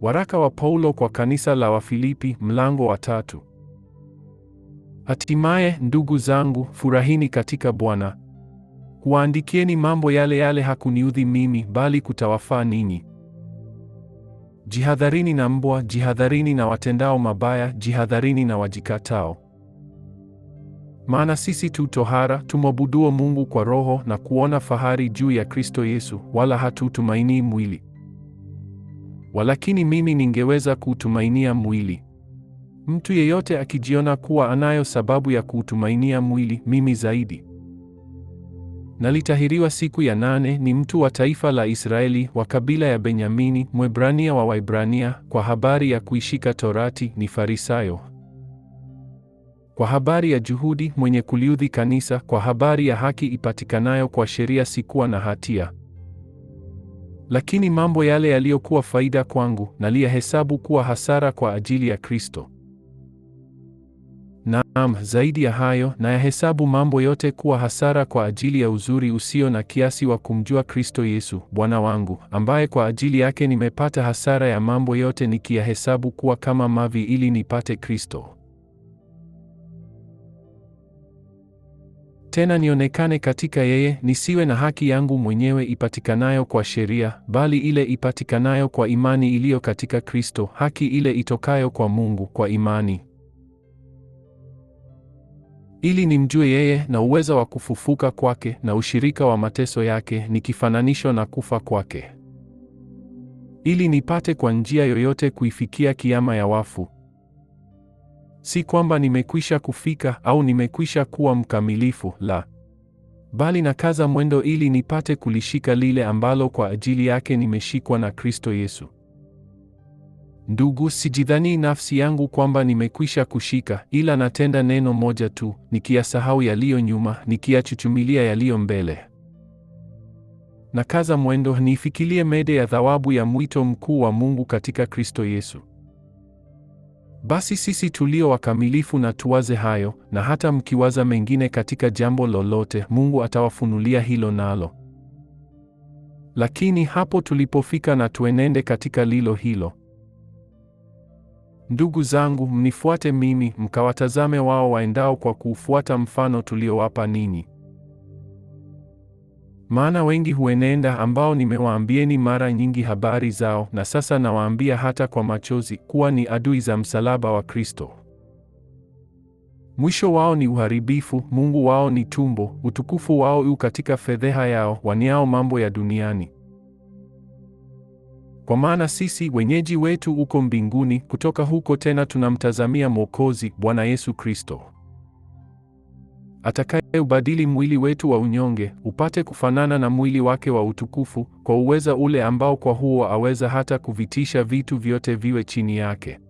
Waraka wa Paulo kwa kanisa la Wafilipi mlango wa tatu. Hatimaye ndugu zangu, furahini katika Bwana. Huwaandikieni mambo yale yale hakuniudhi mimi, bali kutawafaa ninyi. Jihadharini na mbwa, jihadharini na watendao mabaya, jihadharini na wajikatao. Maana sisi tu tohara tumwabuduo Mungu kwa Roho na kuona fahari juu ya Kristo Yesu, wala hatutumainii mwili. Walakini mimi ningeweza kuutumainia mwili. Mtu yeyote akijiona kuwa anayo sababu ya kuutumainia mwili, mimi zaidi. Nalitahiriwa siku ya nane. Ni mtu wa taifa la Israeli wa kabila ya Benyamini, Mwebrania wa Waibrania, Kwa habari ya kuishika Torati ni Farisayo. Kwa habari ya juhudi, mwenye kuliudhi kanisa. Kwa habari ya haki ipatikanayo kwa sheria sikuwa na hatia. Lakini mambo yale yaliyokuwa faida kwangu naliyahesabu kuwa hasara kwa ajili ya Kristo. Naam, zaidi ya hayo nayahesabu mambo yote kuwa hasara kwa ajili ya uzuri usio na kiasi wa kumjua Kristo Yesu Bwana wangu, ambaye kwa ajili yake nimepata hasara ya mambo yote nikiyahesabu kuwa kama mavi ili nipate Kristo. tena nionekane katika yeye, nisiwe na haki yangu mwenyewe ipatikanayo kwa sheria, bali ile ipatikanayo kwa imani iliyo katika Kristo, haki ile itokayo kwa Mungu kwa imani, ili nimjue yeye na uweza wa kufufuka kwake na ushirika wa mateso yake, nikifananishwa na kufa kwake, ili nipate kwa njia yoyote kuifikia kiama ya wafu Si kwamba nimekwisha kufika au nimekwisha kuwa mkamilifu, la, bali nakaza mwendo ili nipate kulishika lile ambalo kwa ajili yake nimeshikwa na Kristo Yesu. Ndugu, sijidhani nafsi yangu kwamba nimekwisha kushika, ila natenda neno moja tu, nikiyasahau yaliyo nyuma, nikiyachuchumilia yaliyo mbele. Nakaza mwendo niifikilie mede ya thawabu ya mwito mkuu wa Mungu katika Kristo Yesu. Basi sisi tulio wakamilifu na tuwaze hayo, na hata mkiwaza mengine katika jambo lolote, Mungu atawafunulia hilo nalo. Lakini hapo tulipofika na tuenende katika lilo hilo. Ndugu zangu, mnifuate mimi, mkawatazame wao waendao kwa kuufuata mfano tuliowapa ninyi. Maana wengi huenenda ambao nimewaambieni mara nyingi habari zao, na sasa nawaambia hata kwa machozi, kuwa ni adui za msalaba wa Kristo. Mwisho wao ni uharibifu, Mungu wao ni tumbo, utukufu wao u katika fedheha yao, waniao mambo ya duniani. Kwa maana sisi wenyeji wetu uko mbinguni, kutoka huko tena tunamtazamia Mwokozi, Bwana Yesu Kristo atakayeubadili mwili wetu wa unyonge upate kufanana na mwili wake wa utukufu, kwa uweza ule ambao kwa huo aweza hata kuvitisha vitu vyote viwe chini yake.